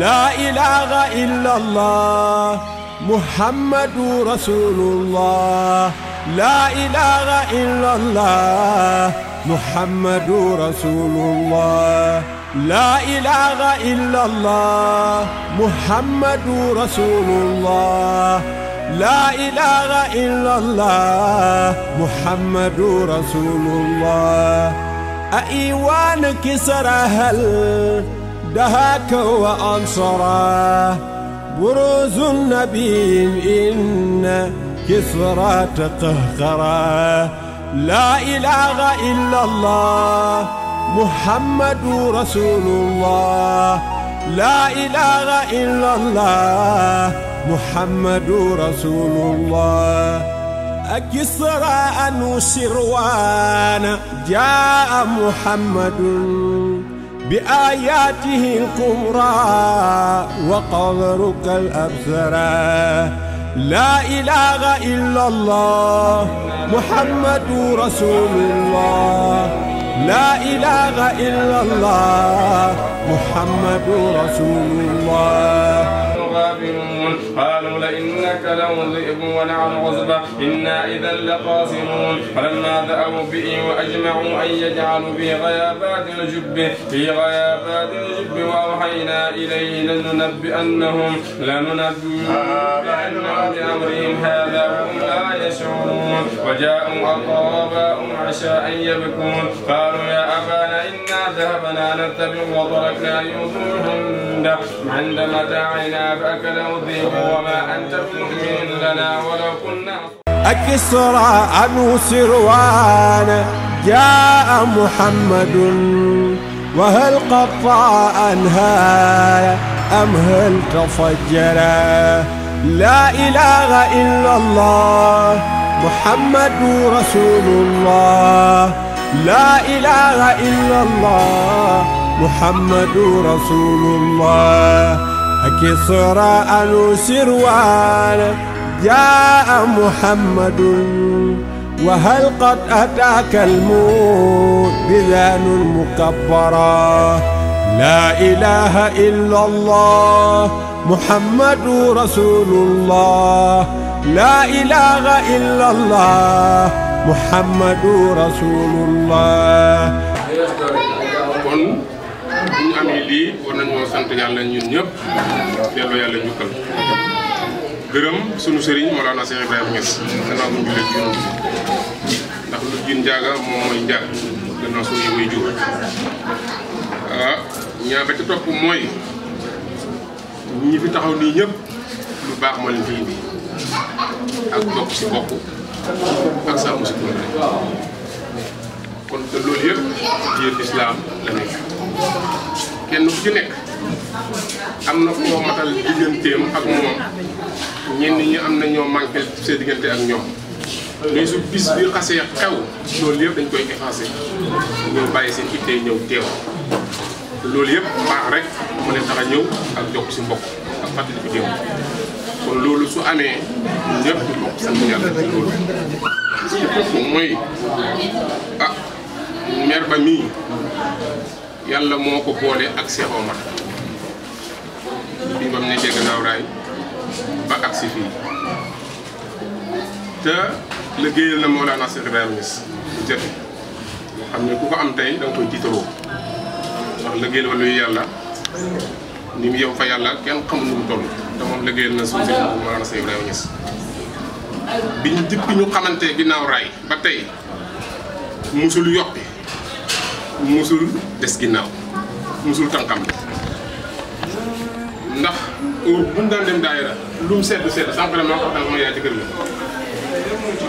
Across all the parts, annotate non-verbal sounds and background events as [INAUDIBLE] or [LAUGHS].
laa ilaaha illallah muhammadu rasulullah laa ilaaha illallah muhammadu rasulullah laa ilaaha illallah muhammadu rasulullah rasulullah أإيوانك سرى هل دهاك وأنصرا بروز النبي إن كسرى تقهقرا لا إله إلا الله محمد رسول الله لا إله إلا الله محمد رسول الله ak Kisraan Sirwaan jaa Muhammadun bi aayaatihi al-kubraa wa qadruka al-absaraa laa ilaaha illallaah Muhammadu rasuulullaah laa ilaaha illallaah Muhammadu rasuulullaah إنك لمذئب ونحن عصبة إنا إذا لقاسمون فلما ذأبوا به وأجمعوا أن يجعلوا في غيابات الجب في غيابات الجب وأوحينا إليه لننبئنهم لننبئنهم بأمرهم هذا وهم لا يشعرون وجاءوا أقرباءهم عشاء يبكون قالوا يا أبانا إنا ذهبنا نتبع وتركنا يوسف عند عند متاعنا فأكله الذئب وما أنت أنت المؤمن لنا ولو كنا أكسرا وسروان جاء محمد وهل قطع أنهايا أم هل تفجرا لا إله إلا الله محمد رسول الله لا إله إلا الله محمد رسول الله كسرى أنو سروال جاء محمد وهل قد أتاك الموت بذان مكبرا لا إله إلا الله محمد رسول الله لا إله إلا الله محمد رسول الله sant yàlla ñun ñëpp delloo yàlla njukkal gërëm sunu sëriñ Mawlana Cheikh Ibrahima ñu jullee ndax lu jun njaaga moom mooy njaag gannaaw sunu ah, fi taxaw nii ñëpp lu baax moo leen fi indi ak bokk si bokk ak saamu si dund kon te loolu yëpp kenn ku ci nekk am na koo matal digganteem ak moom ñenn ñi am na ñoo manqué seen diggante ak ñoom mais su bis bi xasee xew loolu yëpp dañ koy effacé ñëw bàyyi seen ittee ñëw teew loolu yëpp baax rek mu leen tax ñëw ak jokk si mbokk ak fàttali bi déew kon loolu su amee ñëpp ñu bokk sant yàlla ci loolu ci foofu mooy ah maire mii yàlla moo ko boole ak Cheikh bi ba mu nekkee gannaaw raay ba agsi fii te liggéeyal na Mawlana Cheikh Ibrahima Niass bu jot xam ne ku ko am tey da nga koy tiitaroo ndax liggéeyal wala yu yàlla ni mu yow fa yàlla kenn xamul nu mu toll te na suñu bi ñu dikk ñu xamante ginnaaw raay ba tey musul yoppi musul des ginnaaw musul tànkam bi ndax bu ñu daan dem daayira lu mu sedd sedd sax vraiment wax ma yaay ci kër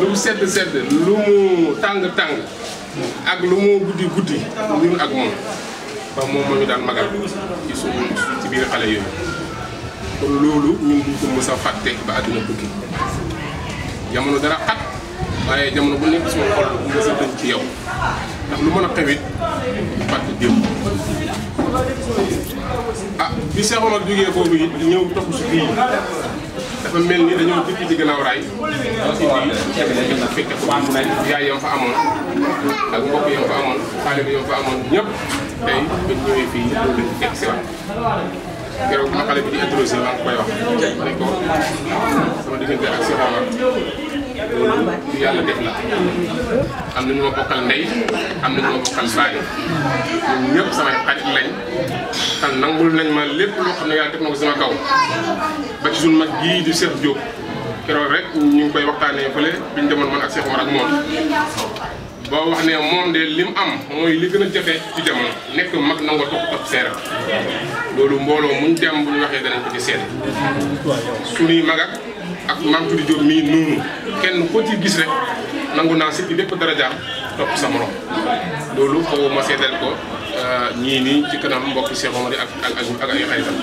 lu mu sedd sedd lu mu tàng tàng ak lu mu guddi guddi ñun ak moom ba moom moo ñu daan magal ci suñu ci biir xale yooyu kon loolu ñun duñ ko mës fàtte ba àdduna tukki jamono dara xat. waaye jamono bu nekk sama xol nga sa tënk ci yow ndax lu mën a xewit fàtte démb ah bi Cheikh Omar jógee foofu it ñëw topp si fii dafa mel ni dañoo dëkk ci gannaaw raay fekke ko yaay yam fa amoon ak mbokk yam fa amoon xaalis yam fa amoon ñëpp tey bañ ñëwee fii loolu de fekk si waat keroog ma xale bi di introsé maa ngi koy wax ma ne ko sama diggante ak Cheikh ñu yàlla def la am na ñu ma bokkal ndey am na ñu ma bokkal baay ñun ñëpp samay xarit lañ tan nangul nañ ma lépp loo xam ne yàlla def na ko sama kaw ba ci suñu mag gii di Cheikh Diop keroog rek ñu ngi koy waxtaanee fële bi ñu demoon man ak Cheikh Omar ak moom boo wax ne moom de lim am mooy li gën jafe ci jamono nekk mag nangoo topp topp loolu mbooloo muñ dem bu ñu waxee danañ ko ci seet suñuy mag ak ak maam tuddi Diop mii noonu kenn ko ci gis rek nangu naa si lépp dara jaax topp sa morom loolu foofu ma seedeel ko euh, ñii nii ci kanam mbokki Cheikh Omar ak ak ay xaritam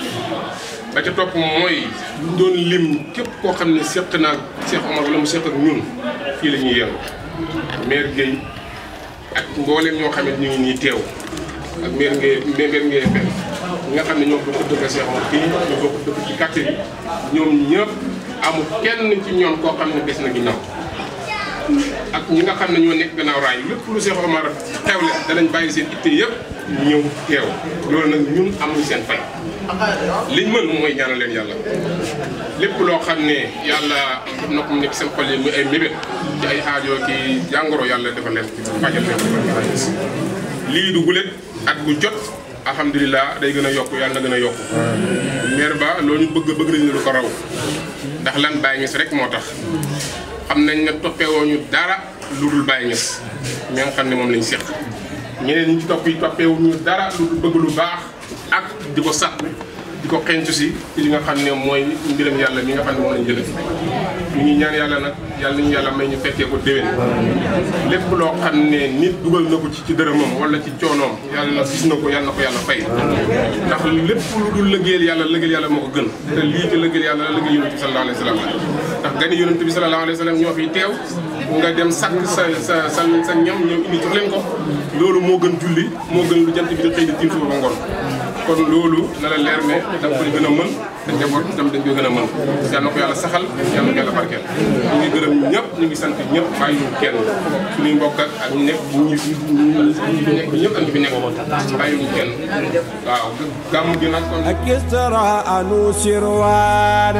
ba ca topp mooy lu doon lim képp koo xam ne seq naa Cheikh Omar wala ñun fii la ñuy yëngu maire ak mboolem ñoo xam ne ñu ngi nii teew ak maire Guèye maire Guèye benn nga xam ne ñoom bokk dëkk Cheikh Omar fii ñoom ñëpp. amul kenn ci ñoom koo xam ne des na ginnaaw ak ñu nga xam ne ñoo nekk gannaaw raay lépp lu Cheikh Omar xewle danañ bàyyi seen itte yëpp ñëw teew loolu nag ñun amul seen fay liñ mën mooy ñaanal leen yàlla lépp loo xam ne yàlla def na mu nekk seen xol yi muy ay mébét ci ay aajo ki jàngoro yàlla dafa leen fajal leen lii du gulet at bu jot alhamdulilah day gën a yokk yàlla na gën a yokk meer ba loo ñu bëgg bëgg nañu lu ko raw ndax lan Baye Niass rek moo tax xam nañ ne toppewoo ñu dara lu dul Baye Niass ñi nga xam ne moom lañu seq ñeneen ñu ci topp yi toppewu dara lu dul bëgg lu baax ak di ko sàq di ko xencu si ci li nga xam ne mooy mbiram yàlla mi nga xam ne moom lañ jëlee ñu ngi ñaan yàlla nag yàlla nañu yàlla may ñu fekkee ko déwén loo xam ne nit dugal na ko ci ci dërëmam wala ci coonoom yàlla gis na ko yàlla na ko yàlla fay lépp lu dul lëggéeyal yàlla lëggéeyal yàlla moo ko gën te lii ci lëggéeyal yàlla la lëggéey yonent bi sallallahu alayhi wa sallam ndax gani yonent ñoo fi teew nga dem sàkk sa sa sa sa ñam ñëw indi jox ko loolu moo gën julli moo gën lu jant bi di xëy di tiim suba ba kon loolu na la leer ne da nga koy gën a mën te njaboot itam dañ koy gën a mën yal na ko yàlla saxal yal na ko yàlla barkeel ñu ngi gërëm ñëpp ñu ngi sant ñëpp bàyyi ñu kenn suñuy mbokk ak ak ñu nekk ñu nekk ñëpp ak ñu fi nekk bàyyi ñu kenn waaw gàmmu gi nag kon ak isra anu sirwaan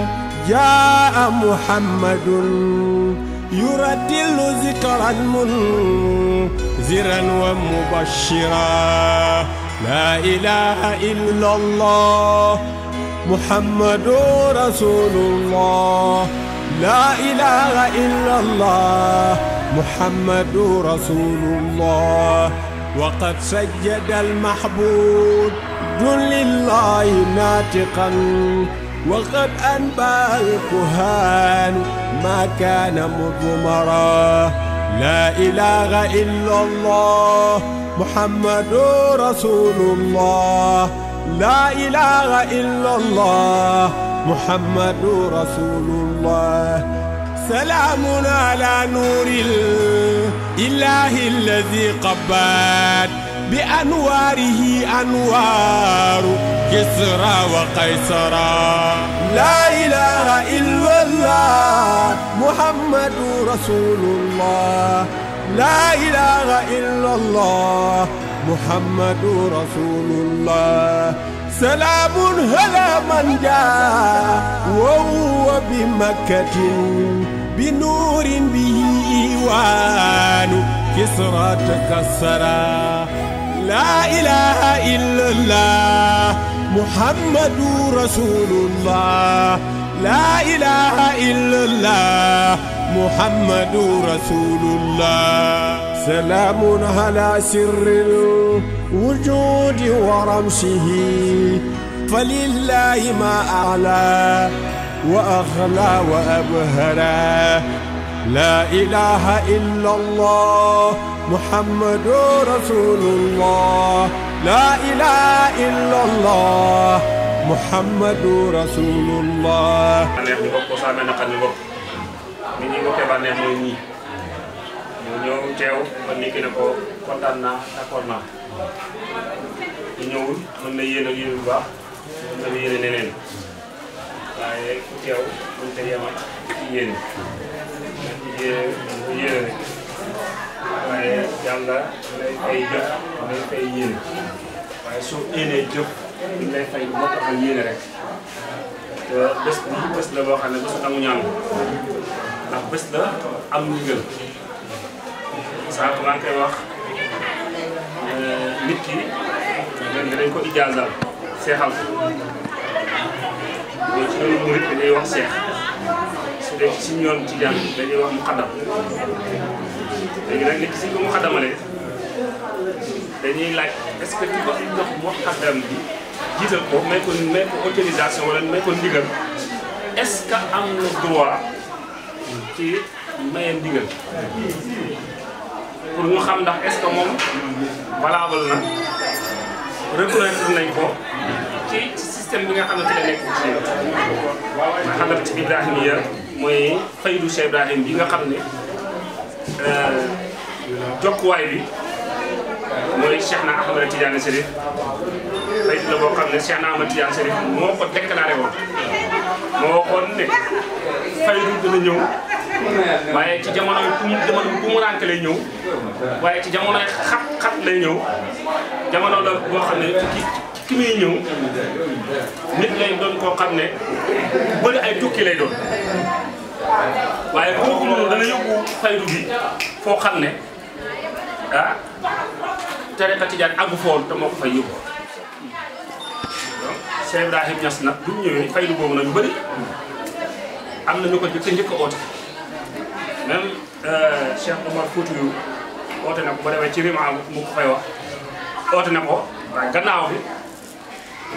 jaa muhammadun yuratilu zikran mun ziran wa mubashira لا إله إلا الله محمد رسول الله لا إله إلا الله محمد رسول الله وقد سجد المحبوب لله ناطقا وقد أنبأ الكهان ما كان مضمرا لا إله إلا الله محمد رسول الله لا إله إلا الله محمد رسول الله سلام على نور الإله الذي قبات بأنواره أنوار كسرى وقيصرى لا إله إلا الله محمد رسول الله لا إله إلا الله محمد رسول الله سلام هلا من جاء وهو بمكة بنور به إيوان كسرى تكسرا لا إله إلا الله محمد رسول الله لا إله إلا الله محمد رسول الله سلام على سر الوجود ورمشه فلله ما أعلى وأغلى وأبهرى لا إله إلا الله محمد رسول الله لا إله إلا الله محمد رسول الله nit ñi nga koy bànnee mooy ñii ñu ñëw teew ba nit ne ko kontaan naa d'accord naa ñu ñëwul mën na yéene yéene bu waaye ku teew mën te yem ak ci yéene yéene yéene rek waaye yàlla lay fay jëf lay fay yéene waaye soo yéenee jëf ñu lay fay moo tax ak yéene rek te bés bi bés la boo xam ne bésu nangu ñaan ndax bés la am ndigal saa ko maa ngi koy wax euh, nit ki léegi dañ ko ijaazal seexal ko loolu ci yoonu wax seex su dee si suñu yoon dañuy wax mu xaddam léegi nag nit ki suñ ko mu xaddamalee dañuy laaj est-ce que ki ko jox mu xaddam bi jiital ko may ko may ko may ko ndigal est-ce am na droit. ci mayam ndigal pour ñu xam ndax est moom valable na reconnaître nañ ko ci système bi nga xamante ne nekk ci nga xam ne ci Ibrahimiya mooy Ibrahim bi nga xam ne euh, jokkuwaay bi mooy Cheikh na Ahmada Tidiane Serif faydu la boo xam ne Cheikh na Ahmada Tidiane Serif moo ko déclaré woon moo waxoon ne faydu dina ñëw waaye ci jamonoy jamono bu mu rànk lay ñëw waaye ci jamonoy xat xat lay ñëw jamono la boo xam ne ki muy ñëw nit lay doon koo xam ne bëri ay tukki lay doon waaye kooku noonu dana yóbbu faydu bi foo xam ne a ah, tariqa tijaan àggu foon te moo ko fay yóbbu Cheikh Ibrahim Niass nag bu ñëwee faydu boobu nag yu bëri am na ñu ko jëkk a njëkk a oote même euh, Cheikh Omar oote na ko ba demee ci rima mu ko fay wax oote na ko waaye gannaaw bi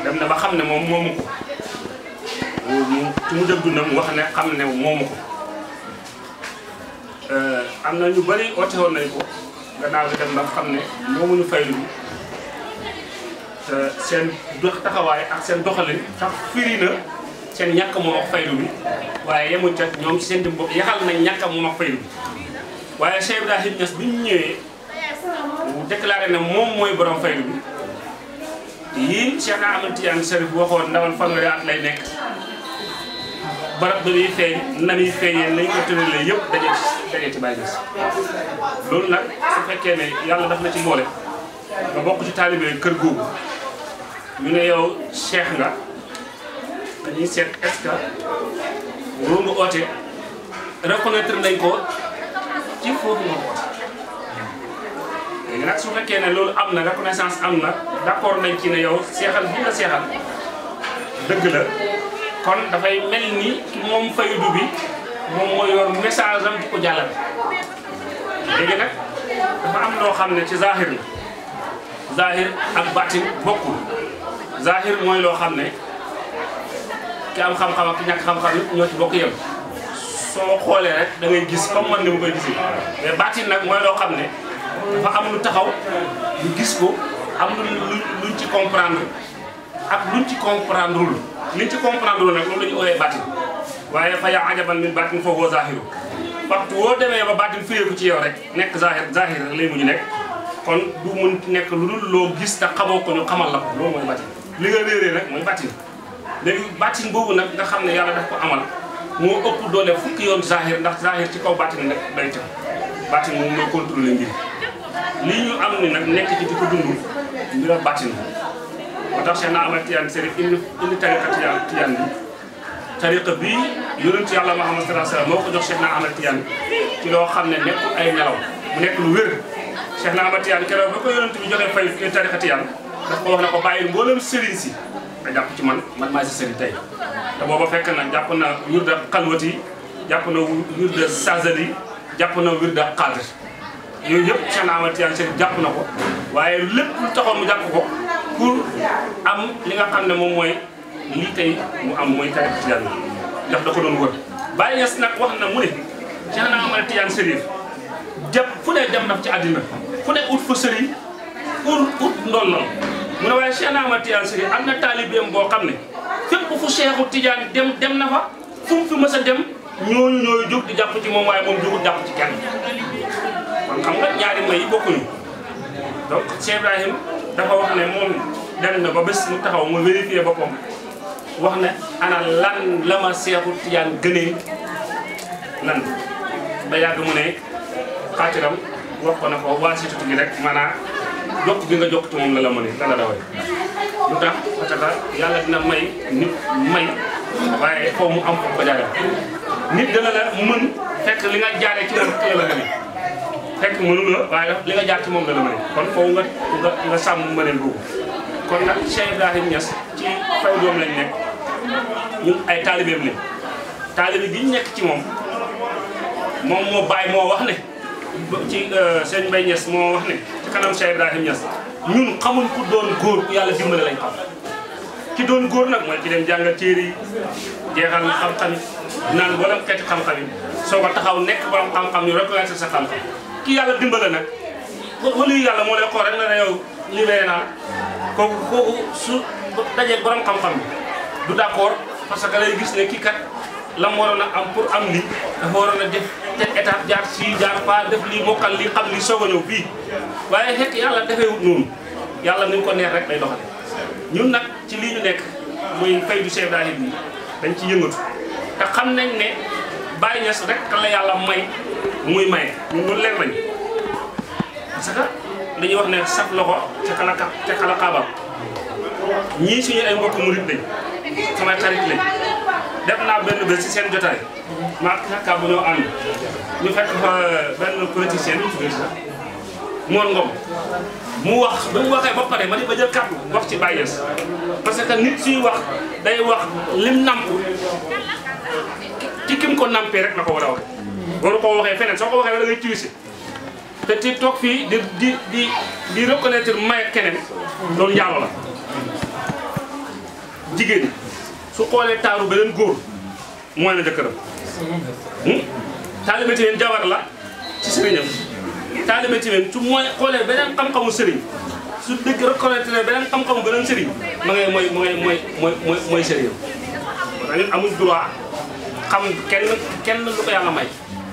dem na ba xam ne moom moomu ko mu ci mu dëgg ne xam ne moomu ko euh, am na ñu bari oote woon nañu ko gannaaw bi dem ba xam ne moomuñu fay lu euh, seen taxawaay ak seen doxali tax firi na seen ñàkk moom ak faylu bi waaye yemuñ ca ñoom seen dim bopp yaxal nañ ñàkk moom ak faylu bi waaye Cheikh Ibrahim Niass bi ñu ñëwee mu déclaré ne moom mooy borom faylu bi yii Cheikh Ahmed Tidiane Chérif bu waxoon ndawan lay nekk barab bi feeñ nan yi feeñee nañ ko tëralee yëpp daje daje ci Baye Niass loolu nag su fekkee ne yàlla daf na ci mboole nga bokk ci kër googu ñu ne yow cheikh nga dañuy seet est-ce que loolu oote reconnaître ko ci foofu nga léegi nag su fekkee ne loolu am na reconnaissance am na d'accord nañ ci ne yow seexal bi nga seexal dëgg la kon dafay mel ni moom faydu bi moom moo yor message am di ko jàllale. léegi nag dafa am loo xam ne ci zahir la zahir ak baatin bokkul zahir mooy loo xam ne. ki am xam-xam ak ñàkk xam-xam ñoo ci bokk yem soo xoolee rek da ngay gis comme man ni ma koy mais baatin nag mooy loo xam ne dafa taxaw gis ko am lu ci comprendre ak luñ ci comprendre lul liñ ci comprendre la ñu ooyee baatin waaye fa yaa ajaban min baatin fa huwa zaahiru waxtu woo demee ba baatin féyeeku ci yow rek nekk zaahir zaahir rek lay nekk kon du mun nekk lu dul loo gis te xamoo ko ñu xamal la ko loolu mooy baatin li nga réeree nag mooy baatin léegi bàttin boobu nag nga xam ne yàlla daf ko amal moo ëpp doole fukki yoon zahir ndax zahir ci kaw bàttin rek day tënk bàttin moom mooy contrôler mbir li ñu am ni nag nekk ci di ko dund mbira bàttin moo tax Cheikh Ahmad Tidiane Chérif indi indi tariqa Tidiane bi tariqa bii yonent yàlla Muhammad sallallahu alayhi wasallam moo ko jox Cheikh Ahmad Tidiane ci loo xam ne nekkul ay nelaw mu nekk lu wér Cheikh Ahmad Tidiane keroog ba ko yonent bi joxee fay tariqa ko bàyyi mboolem sëriñ si nga jàpp ci man man maay si sëriñ tey te booba fekk na jàpp na wir da xalwati jàpp na wir da sazali jàpp na yooyu yëpp Cheikh jàpp na ko waaye lépp lu taxoon mu jàpp ko pour am li nga xam ne moom mooy lii tey mu am mooy tarix Tidiane ndax da ko doon wër Baye Niass nag wax na mu ne Cheikh na Ahmad Tidiane Chérif jàpp fu ne dem naf ci àddina fu ne ut fa sëriñ pour ut ndolloon mu ne waaye Cheikh Ahmad Tidiane Chérif am na taalibeem boo xam ne fépp fu Cheikhu Tidiane dem dem na fa fu mu fi mës dem ñooñu ñooy jóg di jàpp ci moom waaye moom jógul jàpp ci kenn xam nga ñaari may yi bokkuñu donc Cheikh Ibrahim dafa wax ne moom dem na ba bés mu taxaw mu vérifié boppam wax ne ana lan la ma Seexu Tijaan gënee lan ba yàgg mu ne xaatiram wax ko na ko waa situtu gi rek maanaam jokk gi nga jokk ci moom la la mën a la rawee lu tax parce que yàlla dina may nit may waaye foo mu am ko jaare nit dana la mën fekk li nga jaaree ci moom la la mën fekk mënu waaye li nga jaar ci moom la la mën kon foo nga nga nga sàmm mëneen boobu kon nag Cheikh Ibrahim Niass ci faw doom ay taalibeem lañ gi ci moom moom moo bàyyi moo wax ne ci euh, sëñ Mbaye Niass moo wax ne kanam Cheikh Ibrahim Niass ñun xamuñ ku doon góor ku yàlla dimbale lañ xam ki doon góor nag mooy ci dem jàngal téere yi jeexal na xam-xam naan wala xeeti xam-xam yi soo ko taxaw nekk borom xam-xam ñu reconnaître sa xam-xam ki yàlla dimbale nag yàlla moo lay xool rek na ne ko libéré su dajee borom xam-xam bi du d'accord parce que lay gis ne kii kat la mu waroon a am pour am lii dafa waroon a def teg étape jaar si jaar pas def lii mokkal lii xam lii soog a ñëw fii waaye fekk yàlla defeewut noonu yàlla ni mu ko neex rek lay doxale ñun nag ci lii ñu nekk muy fay du chef daahib bi dañ ci yëngatu te xam nañ ne Baye Niass rek la yàlla may muy maye ñun loolu leer nañu parce que dañuy wax ne saf loxo ca kala ca kala xaabam ñii suñu ay mbokk murit lañ samay xarit lañ. def naa benn bés ci seen jotaay maa ngi bu ñoo ànd ñu fekk fa euh, benn politicien bi tuddee mu wax ba mu waxee ba pare ma di ba jël kàddu wax ci Baye Niass parce que nit suy wax day wax lim namp ci kim ko nampee rek na ko war a wax waru koo waxee feneen soo ko waxee wala ngay tiwisi te ci toog fii di di di di reconnaître may keneen loolu njaalo la jigéen su xoolee taaru beneen góor mooy na jëkkëram hmm? taalibe tamit jabar la ci sëriñam taalibe tamit su mooy xoolee beneen xam-xamu sëriñ su dëgg reconnaître ne beneen xam-xamu beneen sëriñ ma ngay mooy mooy mooy mooy sëriñam kon nag amul droit xam kenn kenn lu ko yàlla may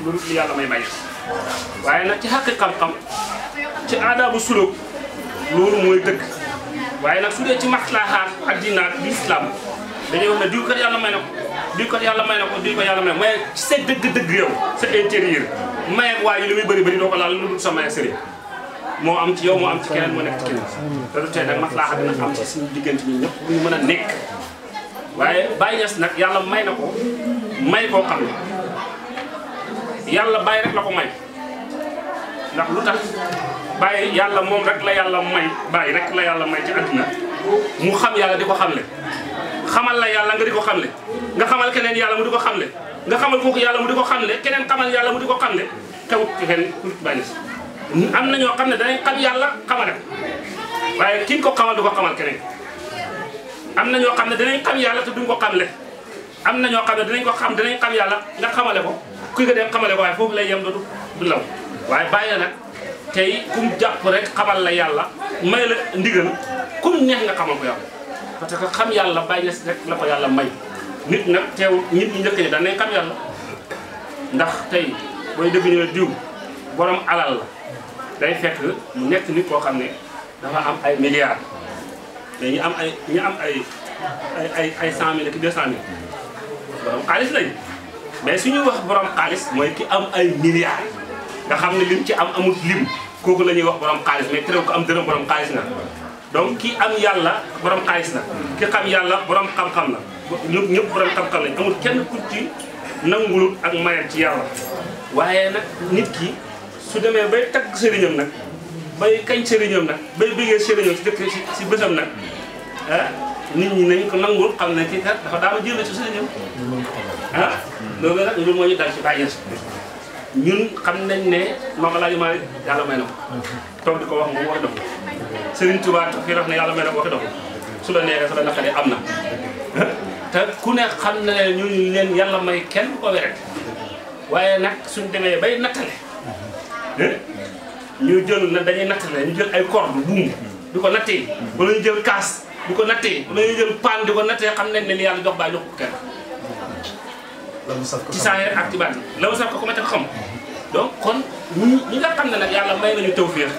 lu lu yàlla may may waaye nag ci xàq xam-xam ci aadaabu suluk loolu mooy dëgg nag su dee ci maslaaxaat ak diinaat bi islam dañuy wax ne yàlla may na ko diw yàlla may na ko diw kat yàlla may na ko mais dëgg-dëgg yow sa intérieur maye ak waa ji li muy moo am ci yow moo am ci keneen moo tee nag maslaaxa dina am ci suñu diggante ñun ñëpp mën a nekk waaye Baye nag yàlla may na ko may koo xam ne yàlla Baye rek la ko may lu tax yàlla moom rek la yàlla may Baye rek la yàlla may ci àdduna mu xam yàlla di ko xamle xamal la yàlla nga di ko xamle nga xamal keneen yàlla mu di ko xam le nga xamal kooku yàlla mu di ko xamle keneen xamal yàlla mu di ko xamle tewut ci kenn bàyyi am na ñoo xam ne danañ xam yàlla xamale waaye ki ko xamal du ko xamal am na ñoo xam ne danañ xam yàlla te ko xamle am na ñoo xam ne danañ ko xam danañ xam yàlla nga xamale ko kuy ko dem xamale ko foofu lay yem dootu du law waaye bàyyi nag tey kum jàpp rek xamal la yàlla may la ndigal kum neex nga xamal ko yàlla parce que xam yàlla bàyyi na si rek la ko yàlla may nit nag teew nit ñi njëkk ñi danañ xam yàlla ndax tey booy dëgg ñu ne diw borom alal la day fekk mu nekk nit koo xam ne dafa am ay milliards mais ñu am ay ñu am ay ay ay cent mille ak deux suñu wax borom xaalis mooy ki am ay milliards nga xam ne lim ci am amut lim kooku la ñuy wax borom xaalis mais terew ko am dërëm borom xaalis na donc ki am yàlla borom xaalis la ki xam yàlla boroom xam-xam la ñëpp ñëpp borom xam-xam lañ amul kenn ku ci nangulut ak mayam ci yàlla waaye nag nit ki su demee bay tagg nag bay kañ nag bay bëggee sëriñam si si bésam nag ah, nit ñi nañ ko nangul xam ne kii dafa daal jël ci sëriñam ah loolu nag loolu moo ñu dal ci bàyyi ñun xam nañ ne Maam Alaaji Maalik yàlla may na ko toog di ko wax moom wax na Serigne Touba fi wax yàlla may na ko fi dox am na [LAUGHS] ku ne xam na ne ñooñu leen yàlla may kenn ko wéret waaye nag suñ demee bay nattale eh, ñu na dañuy nattale ñu jël ay kor buum di ko nattee wala ñu jël kaas di ko nattee wala ñu jël paan di ko nattee xam nañ ne li yàlla jox baa jox ko kenn ci saahir ak ci baatin la mu saf ko ko ma te xam donc kon ñi ñi nga xam ne nag yàlla may nañu tawféex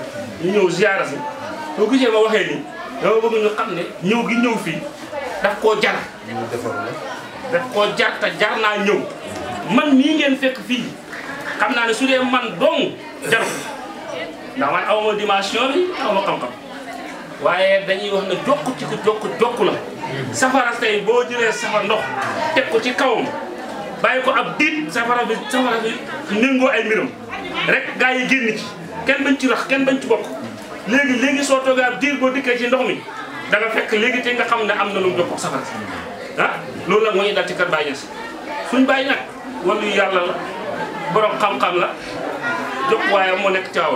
ñu ñëw ziyaara si boo gisee ma waxee nii dama bëgg ñu xam ne ñëw gi ñëw fii daf koo jar. daf koo jar te jar naa ñëw man nii ngeen fekk fii xam naa ne su dee man dong jaru ndax man awma dimension bi xam-xam waaye dañuy wax ne jokk ci ko jokk jokk la safara tey boo jëlee safara ndox teg ko ci kawam bàyyi ko ab diit safara bi safara bi nëngoo ay mbiram rek gaa yi génn ci kenn bañ ci rax kenn bañ ci bokk léegi léegi soo toogee ab diir boo dikkee ci ndox mi da fekk léegi te nga xam ne am na lu mu jokkoo safara ah loolu nag moo ñu dal ci kër Baye Niass suñ Baye nag wàllu yàlla la borom xam-xam la jokk waaye moo nekk aw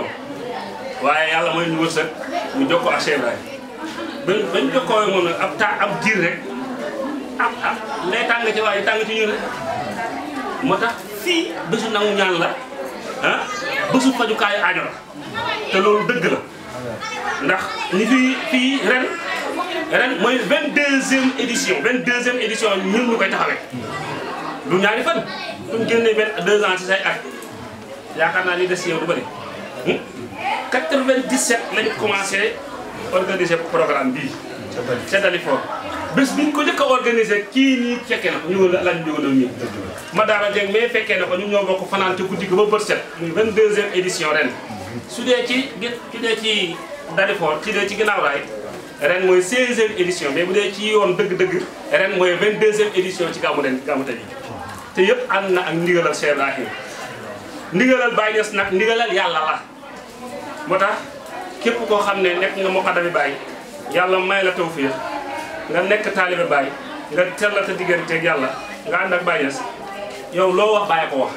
waaye yàlla mooy ñu wërsëg mu jokkoo ak Cheikh Ibrahima bañ bañ jokkoo moom nag ab taa ab diir rek am am lay tàng ci waaye tàng ci ñu ne moo tax fii bésu nangu ñaan la ah bésu pajukaayu aajo la te loolu dëgg la. ndax ni fi fii ren ren mooy vingt deuxième édition vingt deuxième édition ñun ñu koy taxawee du ñaari fan suñ génnee benn deux ans ci say at yaakaar naa li des yow du bëri 97 hmm? lañ commencé organiser programme bii ca Dalifort bés biñ ko njëkk a organiser kii nii fekkee na ko ñu wala laaj ñu ñu ma daara jeeg mais fekkee na ko ñu ñoo bokk fanaan ci guddi ba bët set muy 22 édition ren su dee ci su dee ci Dalifort su dee ci ginnaaw raay ren mooy 16e édition mais bu dee ci yoon dëgg-dëgg ren mooy 22e édition ci gàmmu ren gàmmu tey te yëpp ànd na ak ndigalal Cheikh Ibrahim ndigalal Baye Niass nag ndigalal yàlla la moo tax képp koo xam ne nekk nga muqaddami Baye yàlla may la tawfiix nga nekk taalibe Baye nga teel la ta digganteeg yàlla nga ànd ak Baye Niass yow loo wax Baye ko wax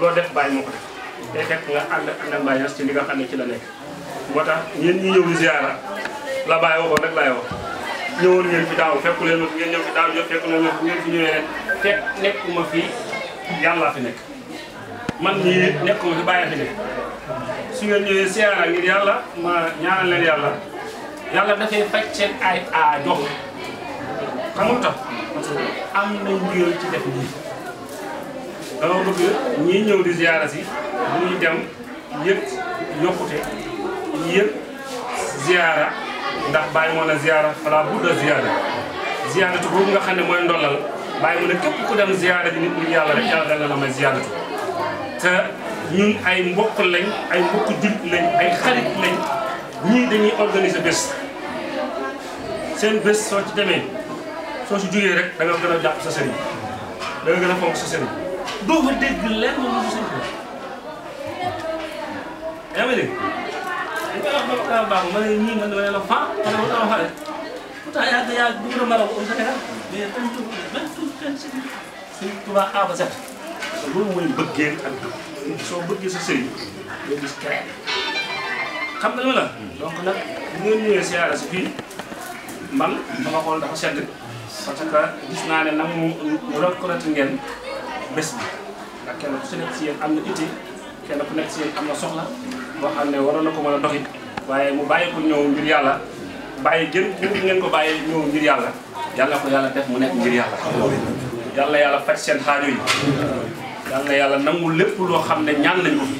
loo def Baye moo ko def day fekk nga ànd ànd ak mbañaas ci li nga xam ne ci la nekk moo tax ñeen ñi ñëw di la bàyyi waxoon rek laay wax ñëwoon ngeen fi daaw fekku leen ma fi ngeen ñëw fi fekk nekkuma fi yàlla fi nekk man ñii nekkuma fi bàyyi fi nekk su ngeen ñëwee siyaara ngir yàlla ma ñaanal leen yàlla yàlla dafay faj seen ay aajo xam nga tax am na ndigal ci def nii dama bëgg ñii ñëw di ziyaara si bu ñuy dem yëpp yokkute yëpp ziyaara ndax bàyyi moo na ziyaara fala budda ziyaara boobu nga xam ne mooy ndollal bàyyi mu ne ziyaara yàlla rek yàlla dana la te ñun ay mbokk lañ ay mbokk jullit lañ ay xarit lañ ñii dañuy organiser bés seen bés soo ci demee soo ci jógee rek da nga gën a jàpp sa sëriñ da nga gën a fonk sa sëriñ doo fa dégg lenn lu dul sëñ Tuubaa yaa ngi dégg dañ koy wax ba Moussa Ba ma ne ñii man dama leen a faa ma ne ma dama faa leen pourtant yaa ngi yaa dugg na Maroc au Sénégal mais dañ ko dañ ko dañ si sëñ Tuubaa A ba Z loolu mooy bëggee ak dëgg soo bëggee sa sëriñ doo gis keneen xam nga lu ma la donc nag bu ngeen ñëwee siyaare si fii man sama xool dafa sedd parce que gis naa ne nag mu mu reconnaître ngeen bés bi ndax kenn ku si nekk si yéen am na itte kenn ku nekk si yéen am na soxla boo xam ne waroon na ko mën a doxi waaye mu bàyyi ko ñëw ngir yàlla bàyyi gën gën ngeen ko bàyyi ñëw ngir yàlla yàlla ko yàlla def mu nekk ngir yàlla yàlla yàlla faj seen xaajo yi yàlla yàlla nangu lépp loo xam ne ñaan nañu ko